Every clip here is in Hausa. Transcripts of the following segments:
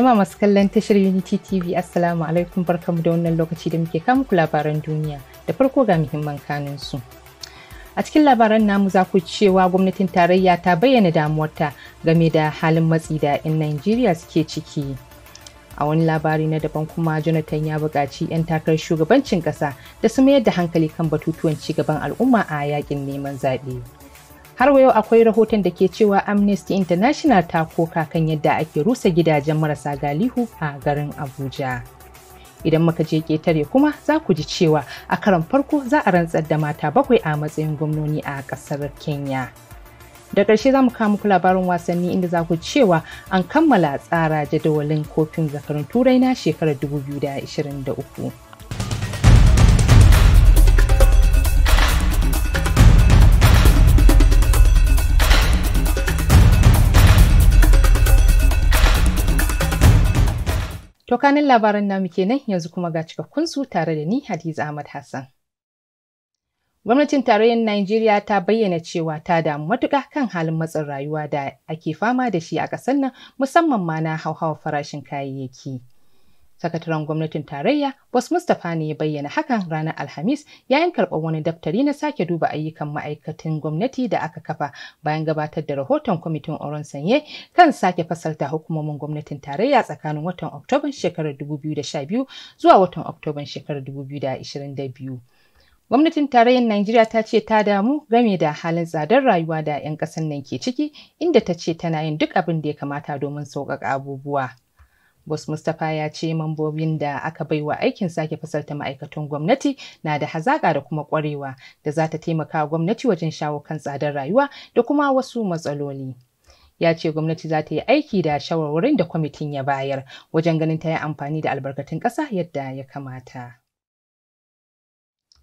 Jama'a masu kallon tashar Unity TV Assalamu alaikum barkamu da wannan lokaci da muke kama ku labaran duniya da farko ga muhimman kanin su. A cikin labaran namu za ku cewa gwamnatin tarayya ta bayyana damuwarta game da halin matsi da 'yan Najeriya suke ciki. A wani labari na daban kuma Jonathan ya buƙaci 'yan takarar shugabancin ƙasa da su mayar da hankali kan batutuwan ci gaban al'umma a yakin neman zaɓe. har yau akwai rahoton da ke cewa amnesty international ta koka kan yadda ake rusa gidajen marasa galihu a garin abuja idan muka je ketare kuma za ku ji cewa a karan farko za a rantsar da mata bakwai a matsayin gwamnoni a ƙasar kenya da ƙarshe za mu kama labarin wasanni inda za ku cewa an kammala tsara jadawalin kofin zakarun turai na shekarar 2023 To kanin labaran namu kenan yanzu kuma ga cikakkun su tare da ni Hadiza Ahmad Hassan. Gwamnatin tarayyar Najeriya ta bayyana cewa ta damu matuƙa kan halin matsin rayuwa da ake fama da shi a ƙasar nan musamman ma na hauhawar farashin kayayyaki. sakataren gwamnatin tarayya Bos mustapha ne ya bayyana hakan ranar alhamis yayin karɓar wani daftari na sake duba ayyukan ma'aikatan gwamnati da aka kafa bayan gabatar da rahoton kwamitin oron sanye kan sake fasalta hukumomin gwamnatin tarayya tsakanin watan oktoban shekarar 2012 zuwa watan oktoban shekarar 2022 Gwamnatin tarayyar Najeriya ta ce ta damu game da halin tsadar rayuwa da 'yan ƙasar nan ke ciki, inda ta ce tana yin duk abin da ya kamata domin sauƙaƙa abubuwa. Bus Mustapha ya ce mambobin da aka bai wa aikin sake fasalta ma'aikatan gwamnati na da hazaƙa da kuma ƙwarewa da za ta taimaka gwamnati wajen shawo kan tsadar rayuwa da kuma wasu matsaloli. ya ce gwamnati za ta yi aiki da shawarwarin da kwamitin ya bayar wajen ganin ta yi amfani da albarkatun ƙasa yadda ya kamata.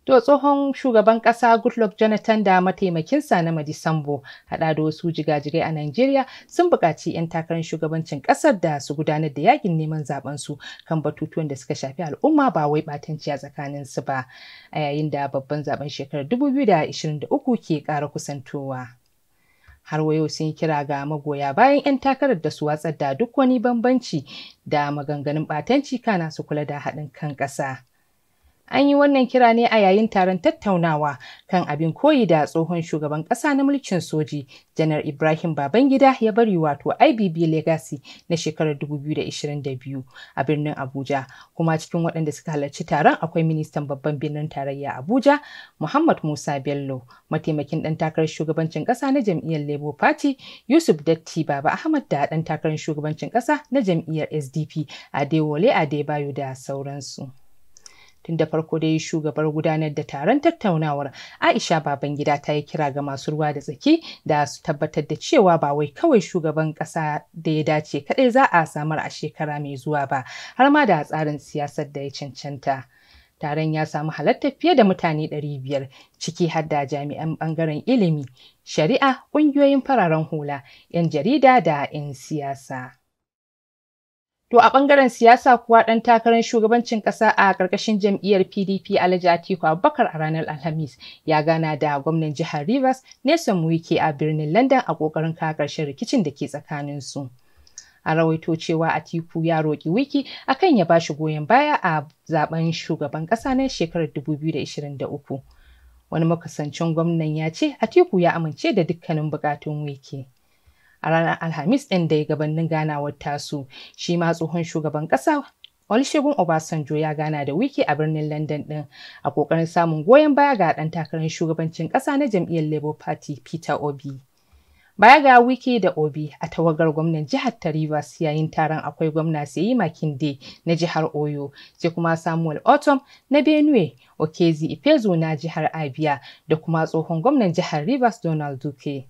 To tsohon shugaban ƙasa Goodluck Jonathan da mataimakinsa na Madisambo haɗa da wasu jigajigai a Najeriya sun buƙaci 'yan takarar shugabancin ƙasar da su gudanar da yakin neman zabensu kan batutuwan da suka shafi al'umma ba wai ɓatanci a tsakanin su ba a yayin da babban zaben shekarar 2023 ke ƙara kusantowa. har wayo sun kira ga magoya bayan 'yan takarar da su watsar da duk wani bambanci da maganganun ɓatanci kana su kula da haɗin kan ƙasa. An yi wannan kira ne a yayin taron tattaunawa kan abin koyi da tsohon shugaban ƙasa na mulkin soji, Janar Ibrahim Babangida ya bari wato IBB Legacy na shekarar 2022 a birnin Abuja. Kuma cikin waɗanda suka halarci taron akwai ministan babban birnin tarayya Abuja, Muhammad Musa Bello, mataimakin ɗan takarar shugabancin ƙasa na jam'iyyar Labour Party, Yusuf Datti Baba Ahmad da ɗan takarar shugabancin ƙasa na jam'iyyar SDP, Adewole Adebayo da sauransu. tun da farko dai shugabar gudanar da taron tattaunawar aisha babangida ta yi kira ga masu ruwa da tsaki da su tabbatar da cewa ba wai kawai shugaban ƙasa da ya dace kadai za a samar a shekara mai zuwa ba har ma da tsarin siyasar da ya cancanta. taron ya samu halartar fiye da mutane 500 ciki har da jami'an bangaren ilimi shari'a ƙungiyoyin fararen hula 'yan jarida da 'yan siyasa To a ɓangaren siyasa kuwa ɗan takarar shugabancin ƙasa a ƙarƙashin jam'iyyar PDP Alhaji Atiku Abubakar a ranar Alhamis ya gana da gwamnan jihar Rivers Nelson Wike a birnin London a ƙoƙarin kawo ƙarshen rikicin da ke tsakanin su. A rawaito cewa Atiku ya roƙi Wiki akan ya bashi goyon baya a zaben shugaban ƙasa na shekarar 2023. Wani makasancin gwamnan ya ce Atiku ya amince da dukkanin buƙatun Wiki. a ranar Alhamis ɗin da ya gabanin ganawar tasu. Shi ma tsohon shugaban ƙasa Olusegun Obasanjo ya gana da wiki a birnin London ɗin a ƙoƙarin samun goyon baya ga ɗan takarar shugabancin ƙasa na jam'iyyar Labour Party Peter Obi. Baya ga wiki da Obi a tawagar gwamnan jihar ta Rivers yayin taron akwai gwamna Seyi Makinde na jihar Oyo, sai kuma Samuel Otom na Benue, Okezi Ifezo na jihar Abia da kuma tsohon gwamnan jihar Rivers Donald Duke.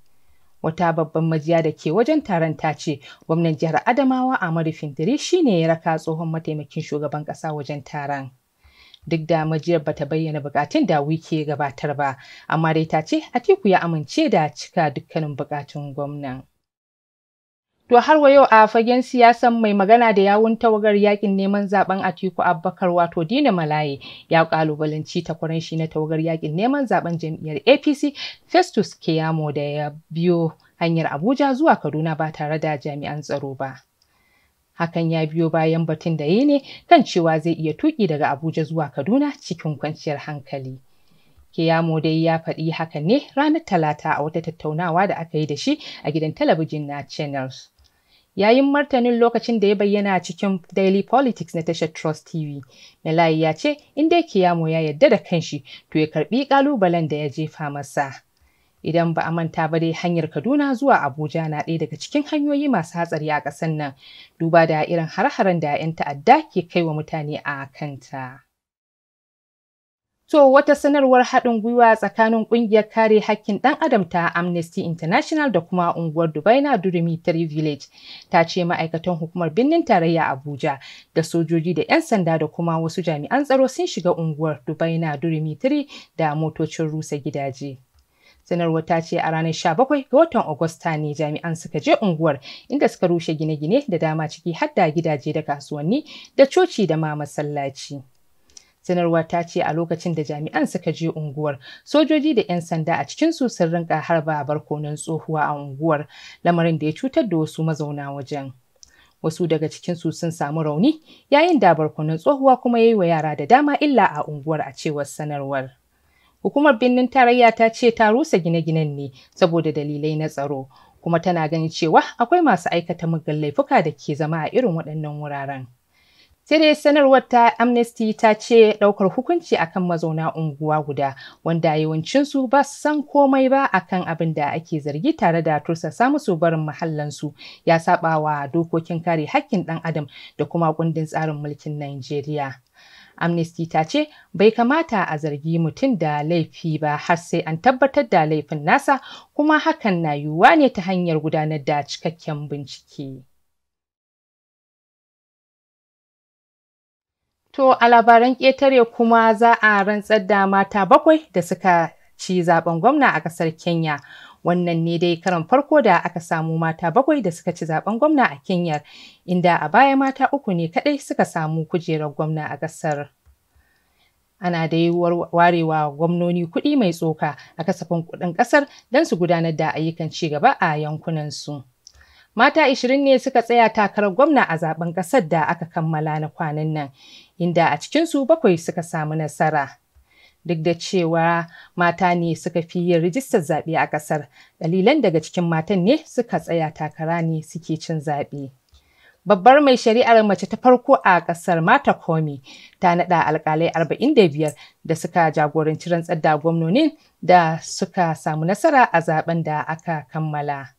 wata babban majiya da ke wajen taron ta ce gwamnan jihar adamawa a amadu dare shine ya raka tsohon mataimakin shugaban kasa wajen taron duk da majiyar bata bayyana bukatun da wike gabatar ba amma dai ta ce atiku ya amince da cika dukkanin bukatun gwamnan To har wa yau a fagen siyasan mai magana da yawun tawagar yakin neman zaben Atiku Abubakar wato Dina Malaye ya kalubalanci takwaran shi na tawagar yakin neman zaben jam'iyyar APC Festus Keyamo da ya biyo hanyar Abuja zuwa Kaduna ba tare da jami'an tsaro ba. Hakan ya biyo bayan batun da yi ne kan cewa zai iya tuki daga Abuja zuwa Kaduna cikin kwanciyar hankali. Keyamo dai ya faɗi haka ne ranar Talata a wata tattaunawa da aka yi da shi a gidan talabijin na Channels. Yayin martanin lokacin da ya bayyana a cikin Daily Politics na tashar Trust TV, Melayi ya ce inda dai Kiyamo ya yadda da kanshi to ya karbi kalubalen da ya jefa masa. Idan ba a manta ba dai hanyar Kaduna zuwa Abuja na ɗaya daga cikin hanyoyi masu hatsari a ƙasar nan, duba da irin har-haren da 'yan ta'adda ke kai wa mutane a kanta. To wata sanarwar haɗin gwiwa tsakanin ƙungiyar kare haƙƙin ɗan adam ta Amnesty International da kuma unguwar Dubai na Durumi Three Village ta ce ma'aikatan hukumar birnin tarayya Abuja da sojoji da 'yan sanda da kuma wasu jami'an tsaro sun shiga unguwar Dubai na Durumi Three da motocin rusa gidaje. sanarwar ta ce a ranar 17 ga watan Agusta ne jami'an suka je unguwar inda suka rushe gine-gine da dama ciki har da gidaje da kasuwanni da coci da ma masallaci. sanarwar ta ce a lokacin da jami'an suka je unguwar sojoji da 'yan sanda a cikin su sun rinka harba barkonon tsohuwa a unguwar lamarin da ya cutar da wasu mazauna wajen wasu daga cikin su sun samu rauni yayin da barkonon tsohuwa kuma ya yi wa yara da dama illa a unguwar a cewar sanarwar hukumar birnin tarayya ta ce ta rusa gine-ginen ne saboda dalilai na tsaro kuma tana ganin cewa akwai masu aikata muggan laifuka da ke zama a irin waɗannan wuraren sai dai sanarwar ta amnesty ta ce ɗaukar hukunci akan mazauna unguwa guda wanda yawancinsu ba su san komai ba akan abin da ake zargi tare da tursasa musu barin mahallansu ya saba wa dokokin kare hakkin ɗan adam da kuma kundin tsarin mulkin Najeriya. Amnesty ta ce bai kamata a zargi mutum da laifi ba har sai an tabbatar da laifin nasa kuma hakan na yiwuwa ne ta hanyar gudanar da cikakken bincike. To a labaran ƙetare kuma za a rantsar da mata bakwai da suka ci zaben gwamna a ƙasar Kenya. Wannan ne dai karan farko da aka samu mata bakwai da suka ci zaben gwamna a Kenya, inda a baya mata uku ne kaɗai suka samu kujerar gwamna a ƙasar. ana da yiwuwar warewa gwamnoni kuɗi mai tsoka a kasafin kuɗin ƙasar don su gudanar da ayyukan ci gaba a yankunansu. Mata 20 ne suka tsaya takarar gwamna a zaben ƙasar da aka kammala na kwanan nan, inda a cikinsu bakwai suka samu nasara. Duk da cewa mata ne suka fi yin rijistar zaɓe a ƙasar, dalilan daga cikin matan ne suka tsaya takara ne suke cin zaɓe. Babbar mai shari'ar mace ta farko a ƙasar Mata Komi ta naɗa alƙalai 45 da suka jagoranci rantsar da gwamnonin da suka samu nasara a zaben da aka kammala.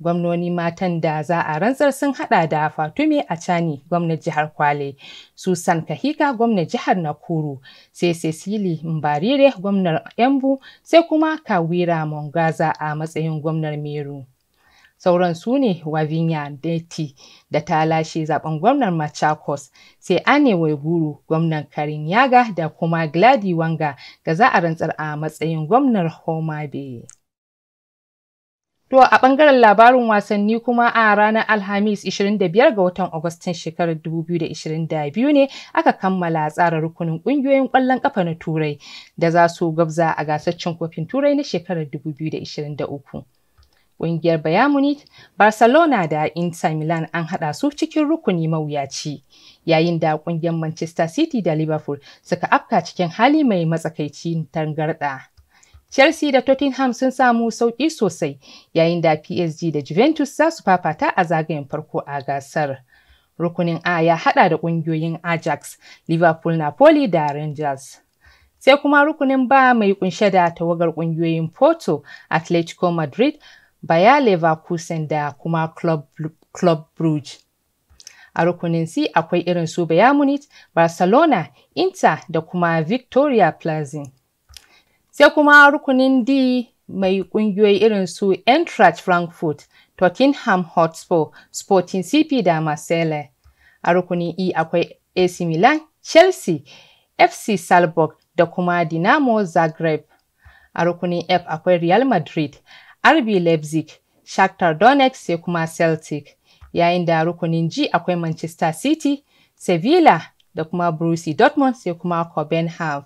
Gwamnoni matan da za a rantsar sun hada da Fatumi a Achani gwamnan jihar Kwale, Susan Kahika gwamnan jihar Nakuru, sai Cecily Mbarire gwamnar Yambu, sai kuma Kawira Mongaza a matsayin gwamnar Meru. Sauran su ne Wavinya Deti da ta lashe zaben gwamnar Machakos, sai Ane Waiguru gwamnan Karin Yaga da kuma Gladi Wanga da za a rantsar a matsayin gwamnar Homa Bay. To a ɓangaren labarin wasanni kuma a ranar Alhamis 25 ga watan Agustin shekarar 2022 ne aka kammala tsara rukunin ƙungiyoyin ƙwallon ƙafa na Turai da za su gabza a gasar cin kofin Turai na shekarar 2023. Ƙungiyar bayamuni, Barcelona da Inter Milan an haɗa su cikin rukuni mawuyaci, yayin da ƙungiyar Manchester City da Liverpool suka afka cikin hali mai matsakaicin tangarɗa. Chelsea da Tottenham sun samu sauƙi sosai yayin da PSG da Juventus za su fafata a zagayen farko a gasar. Rukunin A ya haɗa da ƙungiyoyin Ajax, Liverpool, Napoli da Rangers. Sai kuma rukunin ba mai kunshe da tawagar ƙungiyoyin Porto, Atletico Madrid, Bayer Leverkusen da kuma Club, Club Brugge. A rukunin C akwai irin su Bayern Munich, Barcelona, Inter da kuma Victoria Plazin. Sai kuma rukunin D mai ƙungiyoyi irin su Eintracht Frankfurt, Tottenham Hotspur, Sporting CP da Marseille. A rukunin E akwai AC Milan, Chelsea, FC Salzburg da kuma Dinamo Zagreb. A rukunin F akwai Real Madrid, RB Leipzig, Shakhtar Donetsk sai kuma Celtic. Yayin da rukunin G akwai Manchester City, Sevilla da kuma Borussia Dortmund sai kuma Copenhagen.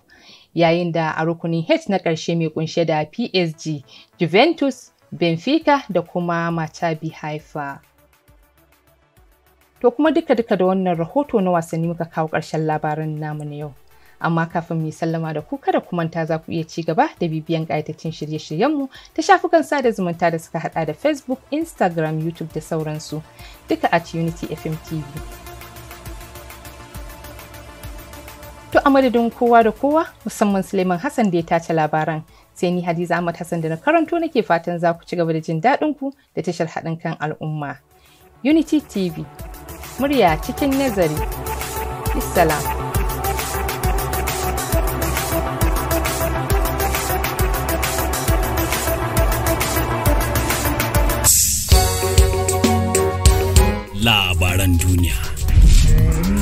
yayin da a rukunin H na ƙarshe mai kunshe da PSG, Juventus, Benfica da kuma mata Haifa. To kuma duka-duka da wannan rahoto na wasanni muka kawo ƙarshen labaran namu na yau. amma kafin mu sallama da ku kada kuma manta za ku iya ci gaba da bibiyan ƙayataccen shirye-shiryenmu ta shafukan sada zumunta da suka hada da Facebook, Instagram, YouTube da sauransu duka at Unity FM TV. a madadin kowa da kowa musamman Suleiman Hassan da ya tace labaran sai ni Hadiza Ahmad Hassan da na karanto nake fatan za ku ci gaba da jin daɗin ku da tashar haɗin kan al'umma. Unity TV murya cikin nazari. Issalam. labaran duniya.